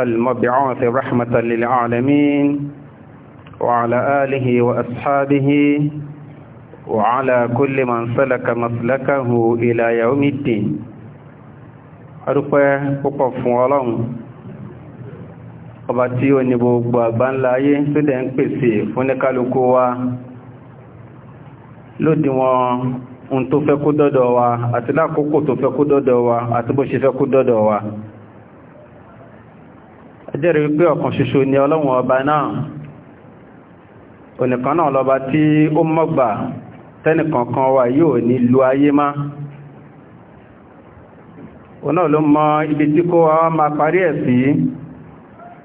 المبعوث رحمة للعالمين وعلى آله وأصحابه وعلى كل من سلك مسلكه إلى يوم الدين أرقى أقف ولهم ọba tí ó ní gbogbo àgbáńlá ayé tó dẹ̀ ń pèsè fúnníkálukú wa lódiwọ̀n ohun tó fẹ́ kó dọ́dọ̀ wa àti lákòókò tó fẹ́ kó dọ́dọ̀ wa àti bó ṣe fẹ́ kó dọ́dọ̀ wa. Àti ajẹ́rìí wípé ọ̀kan ṣoṣo ni ọlọ́run ọba náà onìkan náà lọ́ba tí ó mọ́gbà tẹ́nìkankan wa yóò ní lu ayé má ọ̀nà ló mọ ibi tí kó wa máa parí ẹ̀ sí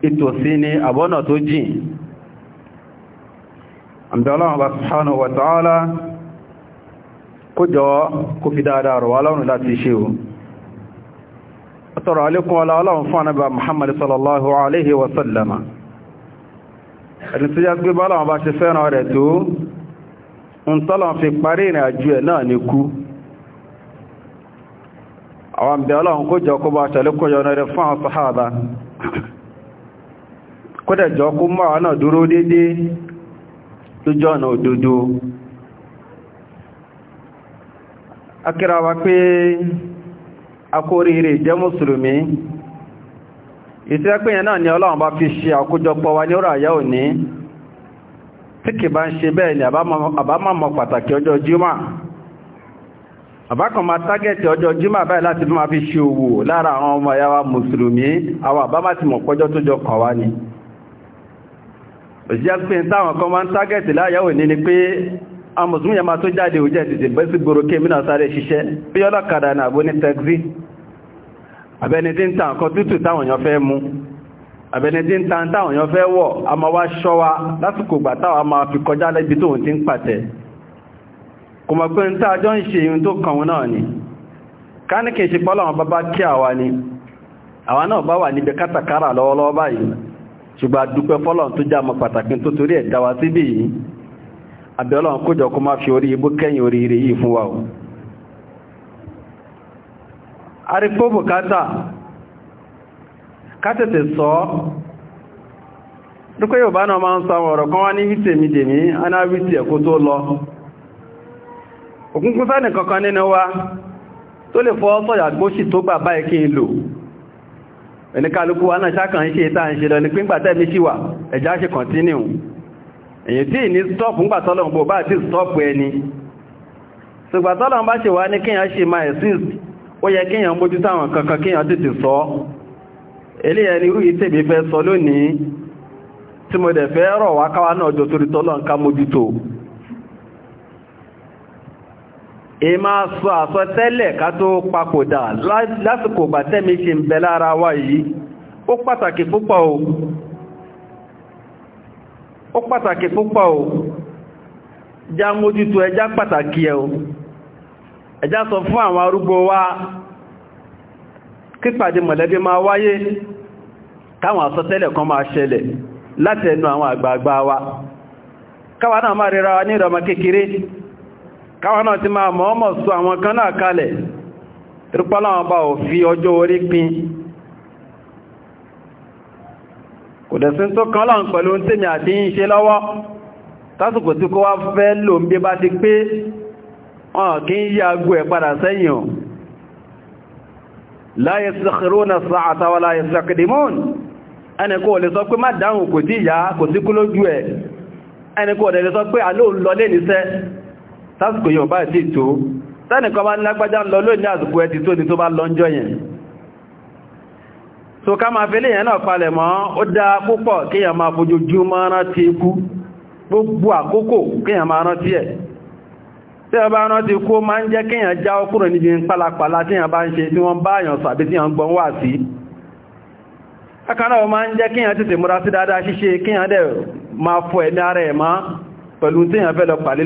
ìtòsí ni àbọ́nà tó jìn àmì ọlọ́run ọba subhanahu wa ta'ala kó jọ kó fi dáadáa rọ̀ wá láti ṣe o sọ̀rọ̀ alékún ọlá ọlọ́run fún anábà Muhammad sallallahu alaihi wasallama ẹni tó já gbé bá ọlọ́run bá ṣe fẹ́ràn rẹ̀ tó ń tọ́lọ̀n fi parí ìrìn àjú ẹ̀ náà ní kú àwọn àmì ọlọ́run kó jọ kó bá ṣàlékún ọ̀nà akóríire ìjẹ́ mùsùlùmí ìtẹ́pẹ̀yẹn náà ni ọlọ́run bá fi ṣe àkójọpọ̀ wa ní ọ̀rọ̀ àyá òní tí kì bá ń ṣe bẹ́ẹ̀ ni pàtàkì ọjọ́ jímà àbákan ma tágẹ̀tì ọjọ́ jímà báyìí láti bí ma fi ṣe owó lára àwọn ọmọ ẹ̀yà wa mùsùlùmí àwọn pọ́jọ́ tó jọ wá ni táwọn kan máa ń tágẹ̀tì ni pé mùsùlùmí yẹn tó jáde òjẹ́ mínà sáré ṣiṣẹ́ bí ọlọ́kadà àbẹnidí ń ta nǹkan tútù táwọn èèyàn fẹ́ mú àbẹnidí ń ta táwọn èèyàn fẹ́ wọ̀ a máa wá ṣọ́ wa lásìkò gbà táwọn a máa fi kọjá lẹ́bi tóun ti ń pàtẹ kò mọ̀ pé ń tá àjọ ń ṣe ìhun tó kàn wọn náà ni ká ní kìí ṣe pọ́lọ́wọ́n bá bá kí àwa ni àrípò bukata katete sọ dúkọ́ yóò bá náà máa ń sọ ọ̀rọ̀ kan wá ní wítẹ̀ mi dèmí anáwítẹ̀ ẹ̀kú tó lọ òkúnkún sáà nìkankan nínú wa tó lè fọ́ ya gbóṣì tó gbà báyìí kí n lò ẹnikálukú wa náà ṣákan ṣe ìta ń ṣe lọ ní pínpàtẹ́ mi ṣíwà ẹ̀já ṣe kọ̀ntínìù stop tí mbụ stọ́pù ń stop eni. ó yẹ kíyàn mójú táwọn kankan kíyàn tètè sọ eléyẹ ni rúyí tèmi fẹ́ sọ lónìí tí mo dẹ̀ fẹ́ rọ̀ wá káwa náà jọ torí tọ́lọ́ nǹkan mójútó èmá sọ àsọtẹ́lẹ̀ ká tó papòdà lásìkò gbà tẹ́mi ṣe ń bẹ lára wa yìí ó pàtàkì púpọ̀ o ó pàtàkì púpọ̀ o já mójútó ẹjá pàtàkì ẹ o ẹjá sọ fún àwọn arúgbó wa kípàdé mọ̀lẹ́bí máa wáyé táwọn àsọtẹ́lẹ̀ kan máa ṣẹlẹ̀ láti ẹnu àwọn àgbààgbà wa káwa náà máa ríra wa ní ìrọmọ kékeré káwa náà ti máa mọ̀ọ́mọ̀ sọ àwọn kan náà kalẹ̀ rípọ́láwọn bá ò fi ọjọ́ orí pin kò dẹ̀sí tó kan láwọn pẹ̀lú tèmi àti yín ṣe lọ́wọ́ tásìkò tí ọ̀n kí ń yí agbó ẹ̀ padà sẹ́yìn la yastakhiruna as-sa'ata wa la yastaqdimun ẹni kò lè sọ pé má dáhùn kò tí ìyá kò sí kú lójú ẹ̀ ẹni kò lè sọ pé àlóò lọ lé níṣẹ́ tásìkò yóò bá ti tó tẹ́nìkan bá lágbájá lọ lónìí àsìkò ẹ̀ gbogbo àkókò kíyàn máa rántí ẹ̀ tí wọ́n bá rántí kó máa ń jẹ́ kíyàn já ọkùnrin níbi pálapàla tí wọ́n bá ń ṣe tí wọ́n bá àyàn sàbí tí wọ́n gbọ́n wà sí akànáà máa ń jẹ́ kíyàn tètè múra sí dáadáa ṣíṣe kíyàn dẹ̀ máa fọ ẹ̀mí ara ẹ̀ má pẹ̀lú tí fẹ́ lọ pàlé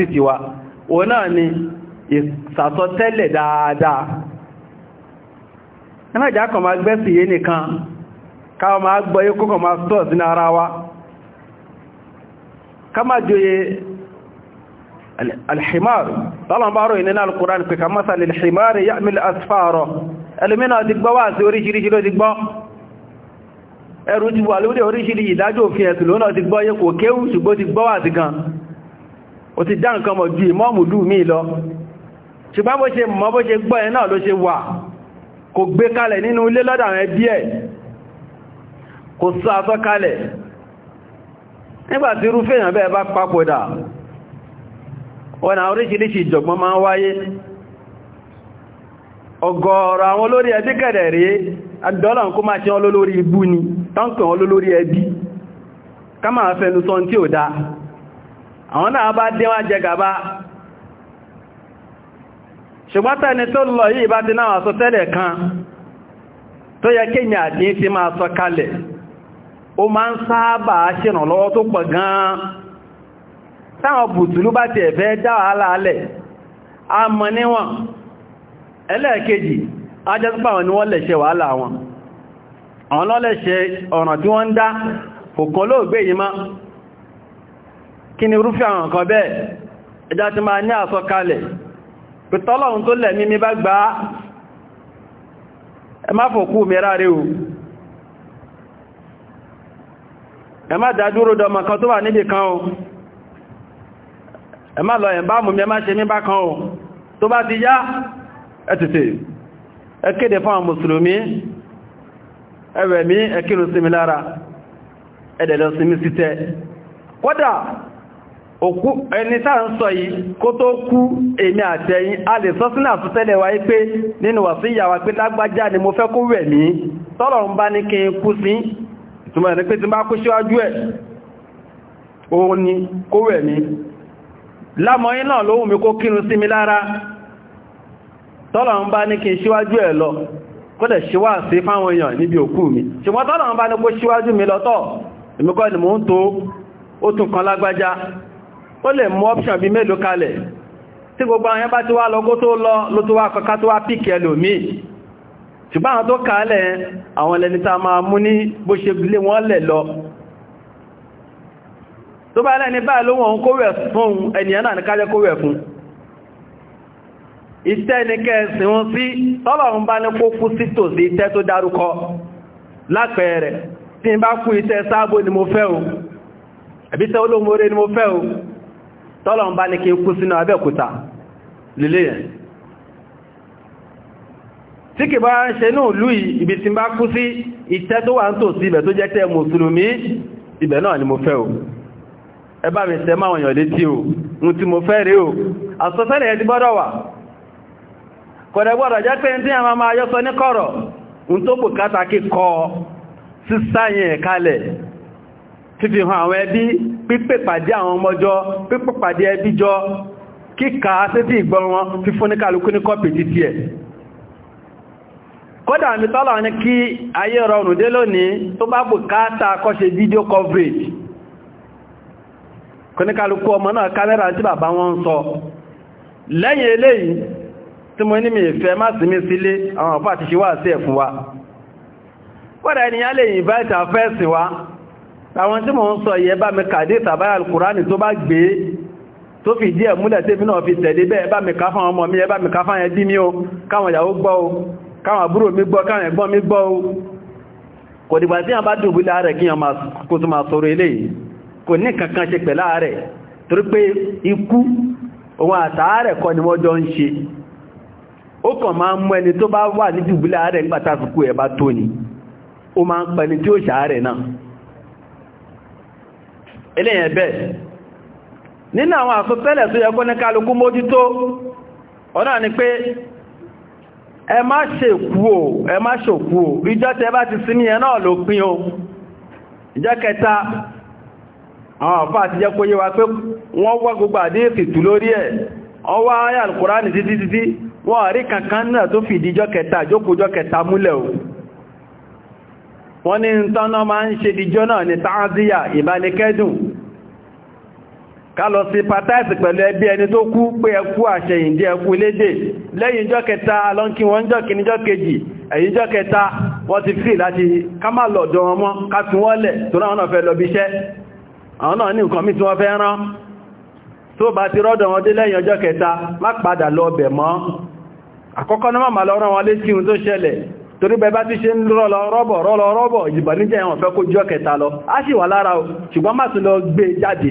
lọ́dọ̀ ni ìsàsọtẹ́lẹ̀ dáadáa ẹmẹ́jà kan máa gbẹ́sì yé nìkan káwọ máa gbọ́ yí kókò máa tọ́ sínú ara wa ká máa joyè alhimar tọ́lọ̀mbáró ìní náà alkùránì pẹ̀ka mọ́sà lè alhimar yá mílẹ̀ asfáàrọ̀ ẹlùmínà ti gbọ́ wà sí oríṣiríṣi ló ti gbọ́ ẹrù ti wà lórí oríṣiríṣi ìdájọ́ òfin ẹ̀sùn lónà ti gbọ́ yẹ kò kò sọ àsọkalẹ̀ nígbàtí irúfẹ́ èèyàn bẹ́ẹ̀ bá papòdà ọ̀nà oríṣiríṣi ìjọ̀gbọ́n máa ń wáyé ọ̀gọ̀ọ̀rọ̀ àwọn olórí ẹbí kẹ̀rẹ̀ rí adọ́lọ̀ kó máa ṣe wọn lólórí ibú ni tánkàn wọn lólórí ẹbí ká máa fẹnu sọ tí ò dá àwọn náà bá dé wá jẹ gàba ṣùgbọ́n tẹ́ni tó lọ yìí ó máa ń sáábà ṣèrànlọ́wọ́ tó pọ̀ gan-an táwọn bùtùlú bá ti ẹ̀fẹ́ dáwà aláàlẹ̀ a mọ̀ níwọ̀n ẹlẹ́ẹ̀kejì ajẹ́sípà wọn ni wọ́n lẹ̀ṣẹ̀ wàhálà wọn àwọn lọ́lẹ̀ṣẹ̀ ọ̀ràn tí wọ́n ń dá kòkan lóògbé yìí má kí ni rúfẹ́ àwọn kan bẹ́ẹ̀ ẹjá ti máa ní àsọkalẹ̀ pẹ̀tọ́lọ́run tó lẹ̀ mímí bá gbá ẹ má fòkú mẹ́ráre o ẹ má dádúró dọmọ kan tó wà níbi kan o ẹ má lọ ẹ̀ bá mú mi ẹ má ṣe mí bá kan o tó bá ti yá ẹ tètè fún àwọn mùsùlùmí ẹwẹ̀ mi ẹ kírun sí mi lára ẹ̀dẹ̀ lọ sí mi sí tẹ́ kódà òkú ẹni tá ń sọ yìí kó tó kú èmi àtẹ̀yìn a lè sọ sínú àtútẹ́lẹ̀ wa pé nínú wà sí ìyàwó pé lágbájá ni mo fẹ́ kó wẹ̀ mí tọ́lọ̀ ń bá ní kí n kú sí túnmọ̀ ẹ̀rẹ́ pé ti máa kó síwájú ẹ̀ òun ni kó wẹ̀ mi lámọ́yí náà lóhùn mi kó kírun sí mi lára tọ́lọ̀ ń bá ní kí síwájú ẹ̀ lọ kódẹ̀ síwá sí fáwọn èèyàn níbi òkú mi ṣùgbọ́n tọ́lọ̀ ń bá ní kó síwájú mi lọ́tọ̀ ni mò ń tó ó tún kan lágbájá ó lè mú option bí mélòó kalẹ̀ tí gbogbo àwọn yẹn bá ti wá lọ kó tó ṣùgbọ́n àwọn tó kàálẹ̀ àwọn ẹlẹni tá máa mú ní bó ṣe lé wọ́n lẹ̀ lọ tó bá lẹ́ni báyìí ló wọ́n kówẹ̀ fún ènìyàn náà ní kájẹ́ kówẹ̀ fún ìtẹ́ ní kẹsìn wọn sí tọ́lọ̀run bá ní kó kú sí tòsí ìtẹ́ tó dárúkọ lápẹẹrẹ ni mo fẹ́ o ni mo fẹ́ o tọ́lọ̀run bá ní kí tí kì bá ń ṣe náà lú ibi tí bá kú sí ìtẹ́ tó wà ń tò sí ibẹ̀ tó jẹ́ tẹ́ mùsùlùmí ibẹ̀ náà ni mo fẹ́ o ẹ bá mi tẹ́ máa yàn létí o ohun tí mo fẹ́ rí o àsọtẹ́lẹ̀ ẹ ti gbọ́dọ̀ wà kọ̀dẹ̀ gbọ́dọ̀ jẹ́ pé tí a máa máa yọ́ sọ ní kọ̀rọ̀ ohun tó pò kátàkì ìgbọ́n wọn fífún ní kálukú ní kọ́pì títí ẹ̀ kódà mi tọ́lọ̀ ní kí ayé rọrùn dé lónìí tó bá bùkátà kọ́ṣe video coverage kò ní kálukú ọmọ náà kámẹ́rà tí bàbá wọn ń sọ lẹ́yìn eléyìí tí mo ní mi fẹ́ má sí mi sílé àwọn ọ̀pá àti ṣíwá sí ẹ̀fún wa kódà ènìyàn lè yìnbá ìta fẹ́ẹ̀sìn wa àwọn tí mo ń sọ yẹ bá mi kàdé káwọn àbúrò mi gbọ́ káwọn ẹ̀gbọ́n mi gbọ́ o kò dìgbà tí wọ́n bá dùbúlẹ̀ rẹ̀ kí wọ́n kó tó máa sọ̀rọ̀ eléyìí kò ní kankan ṣe pẹ̀lá rẹ̀ torí pé ikú òun àtàárẹ̀ kọ́ ni wọ́n jọ ń ṣe ó kàn máa ń mú ẹni tó ni ó máa ń pẹni tí ó ṣàárẹ̀ náà eléyìn bẹ́ẹ̀ ọ̀nà ni pé ẹ má o o tẹ bá ti náà ló pín o ìjọ́ kẹta àwọn jẹ́ kó wa pé wọ́n wá gbogbo àdíyèsí tú lórí ẹ̀ wọ́n wá ayà alkùránì títí títí wọ́n rí kankan náà tó fi ìdíjọ́ kẹta kẹta múlẹ̀ o wọ́n ní máa ń ṣe ìdíjọ́ náà ní kálọ sí pàtàìsì pẹ̀lú ẹbí ẹni tó kú pé ẹkú àṣẹyìndí ẹkú lédè lẹ́yìn jọ́ kẹta lọ́nkí wọn jọ́ kìíní jọ́ kejì ẹ̀yìn jọ́ kẹta wọ́n ti fi láti kámà lọ̀dọ̀ wọn mọ́ káfí wọ́n lẹ̀ tó náà náà fẹ́ lọ bí iṣẹ́ àwọn náà ní nǹkan mí tí wọ́n fẹ́ rán tó bá ti rọ́dọ̀ wọn dé torí bẹ bá ti ṣe ń rọ́lọ rọ́bọ̀ rọ́lọ rọ́bọ̀ ìjìbà níjẹ́ ẹ̀wọ̀n fẹ́ kó jọ́ kẹta lọ á sì wà lára ṣùgbọ́n má tún lọ gbé e jáde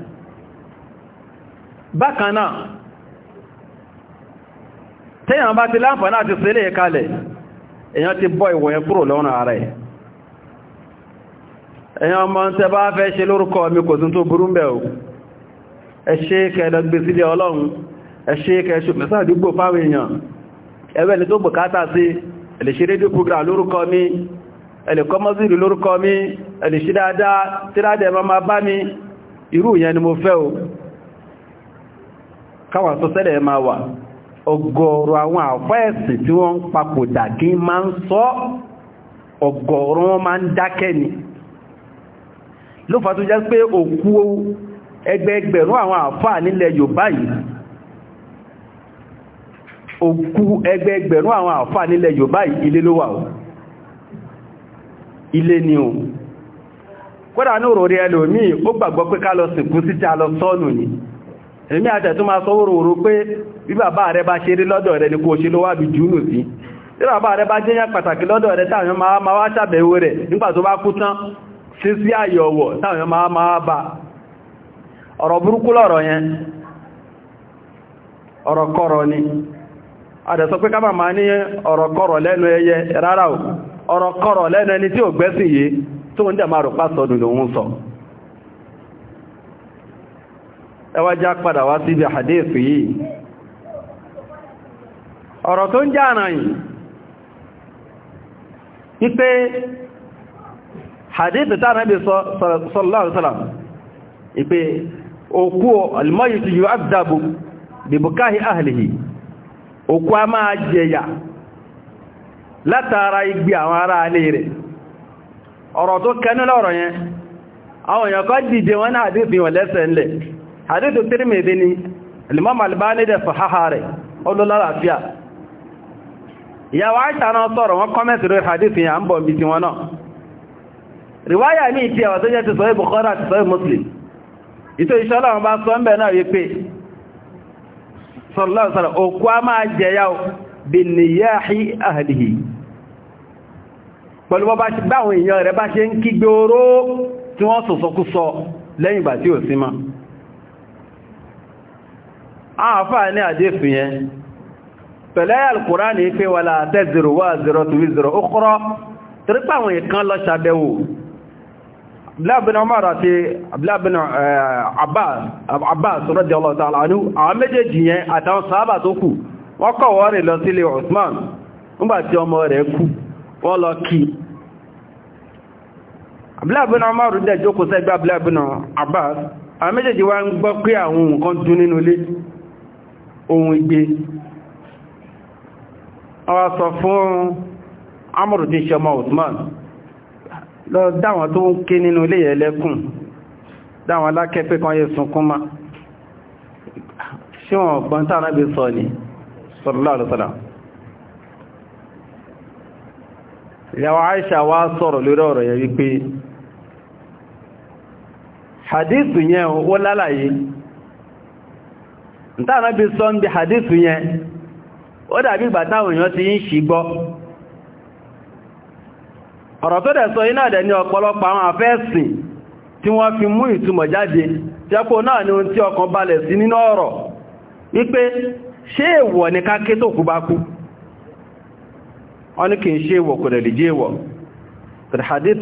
bákanáà tẹ́yàn bá ti láǹfààní àti sílé kalẹ̀ èyàn ti bọ́ ìwọ̀ yẹn kúrò lọ́nà ara ẹ̀ èyàn ọmọ tẹ bá fẹ́ ṣe lórúkọ mi kò tún tó burú mẹ́ o ẹ ṣe kẹ́ẹ̀dọ̀gbé sílé ọlọ́run ẹ ṣe kẹ́ẹ̀ṣù mẹ́sàdúgbò ìyẹn ni mo fẹ́ o káwà tó sẹ́lẹ̀ máa wà ọgọ́rọ̀ àwọn àfẹ́ẹ̀sì tí wọ́n ń papòdà kí ń sọ ọgọ́rọ̀ wọn máa ń dákẹ́ ni ló fà tó jẹ́ pé òkú ẹgbẹgbẹ̀rún àwọn àfáà nílẹ̀ Yorùbá yìí òkú ẹgbẹgbẹ̀rún àwọn àfáà nílẹ̀ Yorùbá yìí ilé ló wà ilé ni kódà ní òròrí ó gbàgbọ́ pé ká lọ sìnkú lọ sọ́nù ni èmi àtẹ̀tún máa sọ wòròwòrò pé bí bàbá rẹ bá ṣe rí lọ́dọ̀ rẹ ní kó ṣe ló wà bí jùúnù sí tí bá rẹ bá pàtàkì lọ́dọ̀ rẹ táwọn máa wá ṣàbẹ̀wò rẹ̀ nígbà tó bá kú tán sí sí àyọ̀wọ̀ táwọn máa bá ọ̀rọ̀ burúkú lọ́rọ̀ ẹwàjá padà wá síbi hadith yìí ọ̀rọ̀ tó ń já àràyìn wípé hadith tánàbí sallallahu alaihi wasallam ìpé òkú almayitu yu'adhabu bibukahi ahlihi òkú a máa jẹyà látara igbe àwọn ará alé rẹ̀ ọ̀rọ̀ tó kẹnu àwọn èèyàn kọ́ dìde wọn náà dìbìn lẹ́sẹ̀ ńlẹ̀ hadithu tirmidhi ni al-imam albani da sahahare olola àfíà ya wa aisha na sọ̀rọ̀ wọn comment lórí hadith yẹn an bo ti wọn riwaya mi ti wa tó ti sahih bukhari àti sahih muslim ito inshallah wọn bá nbe na sallallahu alaihi wasallam o kwa ma je ya bin niyahi àfáà ní àdéfù yẹn pẹ̀lẹ́ alkùránì pé wà láàtẹ́ 0 wà 0 tó 0 ó kọ́rọ́ torípa àwọn ìkan lọ ṣàbẹ̀wò abúlábìnà Umar àti abúlábìnà eh, Abbas radiyallahu ta'ala anhu àwọn méjèèjì yẹn àtàwọn sàábà tó kù wọ́n kọ̀ wọ́n rìn lọ sílé Usman nígbàtí ọmọ rẹ̀ kú wọ́n lọ kí abúlábìnà Umar dẹ̀ jókòó sẹ́gbẹ́ abúlábìnà Abbas àwọn méjèèjì wá ń gbọ́ pé àwọn nǹkan dún nínú ilé ohun igbe àwọn sọ fún amúrù tí ṣe ọmọ Usman lọ dáwọn tó ń ké nínú ilé ẹlẹ́kùn dáwọn alákẹ́pẹ́ kan yẹ sunkún ma ṣí wọn ọ̀gbọ́n tánà bí sọ ní sallallahu alaihi ìtànà bí sọ ń bí hadithu yẹn ó dàbí ìgbà táwọn èèyàn ti ń ṣì gbọ́ ọ̀rọ̀ tó dẹ̀ sọ iná dẹ̀ ní ọ̀pọ̀lọpọ̀ àwọn afẹ́sìn tí wọ́n fi mú ìtumọ̀ jáde tí ọkọ̀ náà ni ohun tí ọkàn balẹ̀ sí nínú ọ̀rọ̀ wípé ni bá kú wọ́n kì í ṣe èèwọ̀ kò dẹ̀ lè hadith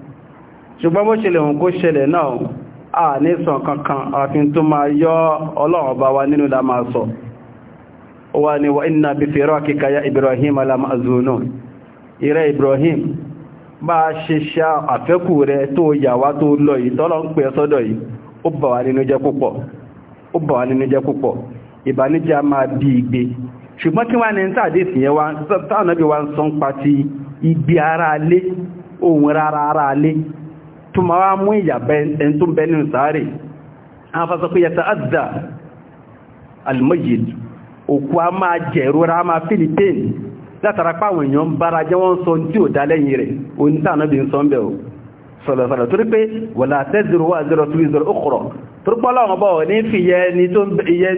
ṣùgbọ́n bó ṣẹlẹ̀ òun kó ṣẹlẹ̀ náà a ní kankan àfin tó máa yọ ọlọ́run bá wa nínú sọ ó ní wa inna bí fèrọ kíkà Ibrahim alamazunu ire Ibrahim bá ṣe ṣá àfẹ́kù rẹ tó tó lọ yìí tọ́lọ ń pè sọ́dọ̀ yìí ó bà wá nínú jẹ́ púpọ̀ igbe ṣùgbọ́n kí tó ma wá mú ìyà ẹn tó bẹ nínú sáré a fásọ pé yàtà àdá almayid òkú a máa jẹ̀rora a máa philippine látara páwọn èèyàn bára jẹ́ wọ́n sọ tí ò dá lẹ́yìn rẹ̀ onítànábì ń sọ ń bẹ̀ sọ̀lọ̀sọ̀lọ̀ torí pé wala taziru waziratun wizra ukhra ni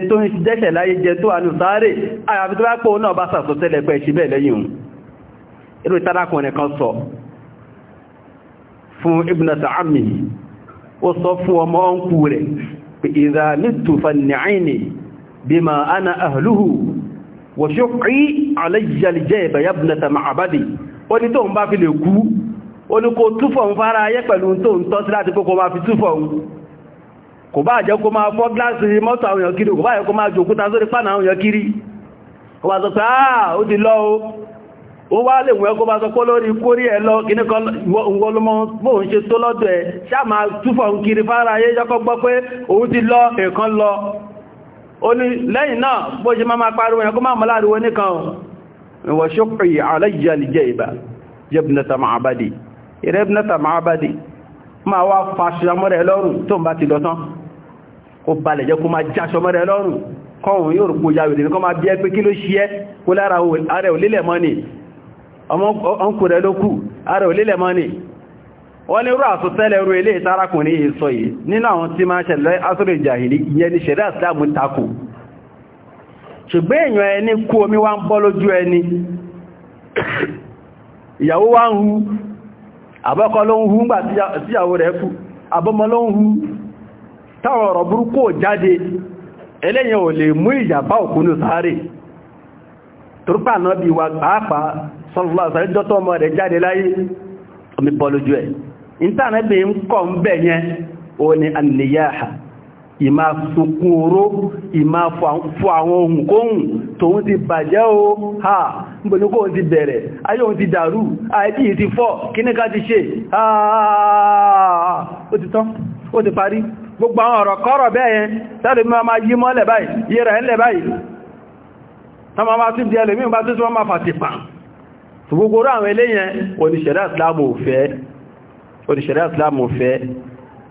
tó ń jẹ́ṣẹ̀ láyé jẹ tó ànú sáré àyàfi tó bá pọ̀ náà bá sàtọ́tẹ́lẹ̀ pẹ́ ṣe bẹ́ẹ̀ lẹ́yìn irú ìtàlákùnrin fún ibnata ammihi ó sọ fún ọmọ ọkù rẹ̀ pé idha mittu fanni'ini bima ana ahluhu wa shuqi alayya al-jayba ya ibnata ma'badi ó ní tó ń bá fi lè kú ó ní kó túfọ̀ ń fara ayé pẹ̀lú tó ń tọ́ sí láti kó kó fi túfọ̀ kò bá jẹ́ kó máa fọ́ gíláàsì mọ́tò àwọn èèyàn kiri kò bá jẹ́ kó máa jòkúta sórí pánà àwọn èèyàn kiri ó sọ pé àà ó ti lọ́ ó wá lè wọ́n ẹgbọ́ bá sọ kó lórí kórí ẹ lọ kí ní kan wọlọ́mọ́ bó ń ṣe tó lọ́dọ̀ ẹ̀ sáàmà túfọ̀ ń kiri fara ayé yọ́kọ́ gbọ́ pé òun ti lọ ẹ̀kan lọ ó ní lẹ́yìn náà bó ṣe máa pariwo ẹ̀kọ́ máa mọ́ láàrin oníkan wọ́n ṣókùrì aláìyàlìjẹ́ ìbá yẹ́bùnẹ́ta máa bádì ìrẹ́bùnẹ́ta máa bádì máa wá fàṣàmọ́rẹ̀ lọ́rùn yóò rò pò yàwèrè máa bí ẹ kí ló ṣe kó lára ààrẹ òlélẹ̀ mọ́ ni ọmọ rẹ̀ lókù ara olílẹ̀ mọ́ ní wọ́n ní rú àsọtẹ́lẹ̀ rú ilé ìtarakùnrin yìí sọ yìí nínú àwọn tí máa ṣẹlẹ̀ asọ́rọ̀ ìjàhìrí ìyẹn ni ṣẹ̀rẹ́ àsìláàmù takò ṣùgbẹ́ èèyàn ẹni kú omi wá ń bọ́ lójú ẹni sọ́lọ́lá sọ́lọ́ dọ́tọ́ ọmọ rẹ̀ jáde láyé omi bọ́lójú ẹ̀ ìntànẹ́bì ń kọ̀ ń bẹ̀ yẹn o ni anniyaha ìmá sunkún oró ìmá fọ àwọn ohun kóhùn tóun ti bàjẹ́ o ha níbòní kóhùn ti bẹ̀rẹ̀ ayé òun ti dàrú àìtí ti fọ́ kíníká ti ṣe ààrẹ ó ti tán ó ti parí gbogbo àwọn ọ̀rọ̀ kọ́rọ̀ bẹ́ẹ̀ tẹ́lẹ̀ mi máa yí mọ́lẹ̀ báyìí yíra ẹ̀lẹ̀ báyìí tán máa tún di gbogbo àwọn eléyẹn oníṣẹ̀rẹ́ islam ò fẹ́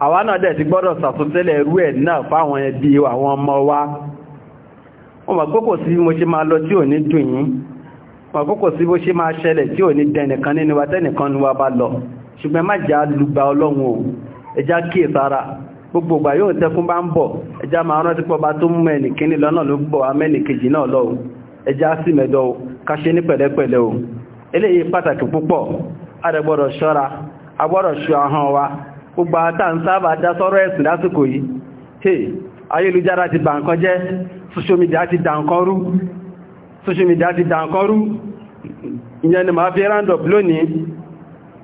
àwa náà dẹ̀ ti gbọ́dọ̀ sàtúntẹ́lẹ̀ irú ẹ̀ náà fáwọn ẹbí àwọn ọmọ wa wọ́n mọ̀ kókò sí mo ṣe máa lọ tí ò ní dùn yín wọ́n kókò sí bó ṣe máa ṣẹlẹ̀ tí ò ní dẹnìkan nínú wa tẹ́nìkan ní wa bá lọ ṣùgbọ́n má jà sí mẹ́dọ̀ ká ṣe ní pẹ̀lẹ́pẹ̀lẹ́ o eléyìí pàtàkì púpọ̀ adẹ̀gbọ́dọ̀ ṣọ́ra agbọ́dọ̀ ṣọ́ ahọ́n wa gbogbo àtà ń sábà dá sọ́rọ̀ ẹ̀sìn lásìkò yìí hey ayélujára ti bà nǹkan jẹ́ social media ti dà nǹkan rú ti ìyẹn ni ma fi round up lónìí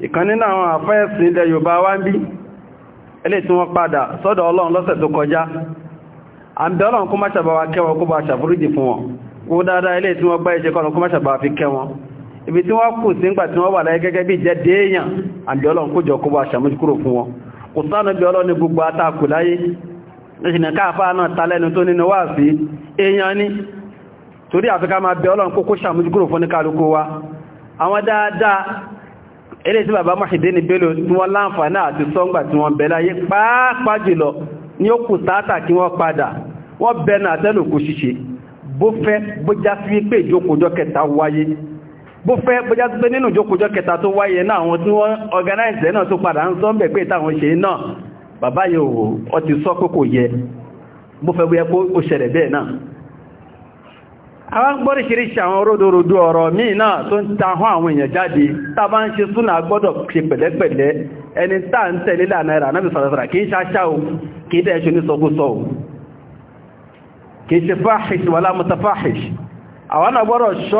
ìkan nínú àwọn àfẹ́ẹ̀sìn ilẹ̀ Yorùbá wá ń bí tí wọ́n padà sọ́dọ̀ Ọlọ́run lọ́sẹ̀ tó kọjá àmì Ọlọ́run kó má ṣàbáwá kó bá ibi tí wọ́n kù sí ń gbà tí wọ́n wà láyé gẹ́gẹ́ bí jẹ́ déèyàn àbí ọlọ́run kójọ kó wá ṣàmójú kúrò fún wọn kò sánà bí ọlọ́run ní gbogbo atáàkù láyé lẹ́sìnà káàfáà náà talẹ́nu tó nínú wà sí èèyàn ní torí àfikà máa bẹ ọlọ́run kó kó ṣàmójú kúrò fún ní kálukú wa àwọn dáadáa ilé tí bàbá bó fẹ́ bó já sí pé ìjókòójọ́ kẹta wáyé bó fẹ́ bójá tó pé nínú ìjókòjọ́ kẹta tó wáyé náà àwọn tí wọ́n organize náà tó padà ń sọ́m̀bẹ̀ pé náà bàbá yóò ọ ti sọ pé yẹ bó fẹ́ bóyá kó ṣẹlẹ̀ bẹ́ẹ̀ náà àwọn gbọ́rìṣìíríṣìí àwọn ta hàn àwọn èèyàn jáde ń o kìí dẹ̀ ṣe o kìí ṣe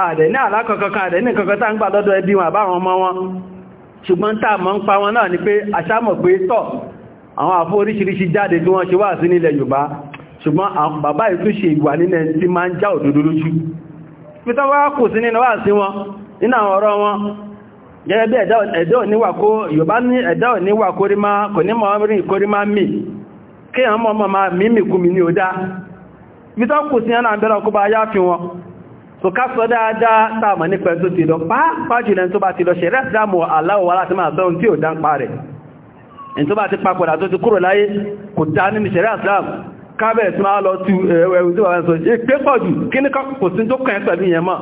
ààrẹ ní àlákọ̀ọ́kọ́ àdẹ̀ ní kọ̀kọ́ tá ń gbà lọ́dọ̀ ẹbí wọn àbáwọn ọmọ wọn ṣùgbọ́n tá mọ́ ń pa wọn náà ni pé àṣàmọ̀ pé tọ́ àwọn àfó oríṣiríṣi jáde tí wọ́n ṣe wà sí nílẹ̀ Yorùbá ṣùgbọ́n bàbá ìtúṣe ìwà nílẹ̀ tí máa ń já lójú mi kù sí ẹ̀nà àbẹ́rẹ̀ bá yá fi wọn so ká sọ dáadáa sáàmà nípa ẹ̀ tó ti lọ pàápàá jùlọ tó bá ti lọ ṣẹ̀rẹ́ ìsìlámù aláwọ̀wà láti máa sọ́run tí ò dánpa rẹ̀ ẹni tó bá ti papọ̀dà tó ti kúrò láyé kò dá nínú ṣẹ̀rẹ́ ìsìlámù kábẹ̀rẹ̀ tí máa lọ tú ẹ̀wẹ̀wù tó wà sọ ìpé pọ̀ jù kí ní kò sí tó kàn pẹ̀lú yẹn mọ́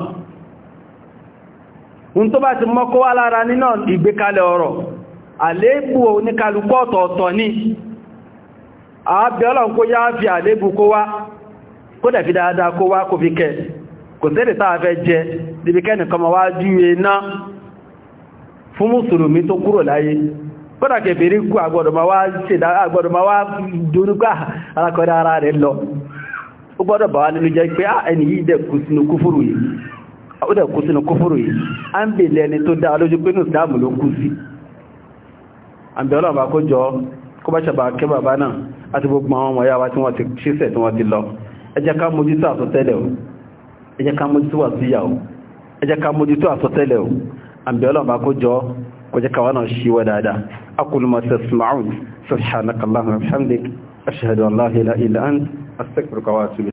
ohun kó dẹ̀ fi dáadáa kó wá kó fi kẹ́ kò tẹ́rẹ̀ tàà fẹ́ jẹ níbi kẹ́nìkan ma wá júwe iná fún mùsùlùmí tó kúrò láyé kódà kẹfẹ̀ẹ́rí kú àgbọ̀dọ̀ ma wá ṣèdá àgbọ̀dọ̀ ma wá dorúgbà ah, alákọ̀ọ́dá ara rẹ̀ lọ ó gbọ́dọ̀ bà wá nínú jẹ́ pé ah, ẹni yìí kú sínú kúfùrù yìí ó dẹ̀ kú sínú a ń bèèrè ẹni tó dá lójú pé ní ìsìlámù ló kú sí àbẹ̀ ọlọ́ọ̀bá kó jọ kó bá ṣàbà kẹ́ bàbá náà àti gbogbo àwọn ọmọ yàwá tí wọ́n ti ṣíṣẹ̀ ẹ jẹ́ ká mójútó wà síyà o ẹ jẹ́ ká mójútó àsọtẹ́lẹ̀ o àbí ọlọ́ọ̀bá kó jọ kó jẹ́ káwa náà ṣíwọ́ dáadáa aqulu ma tasma'un subhanakallahumma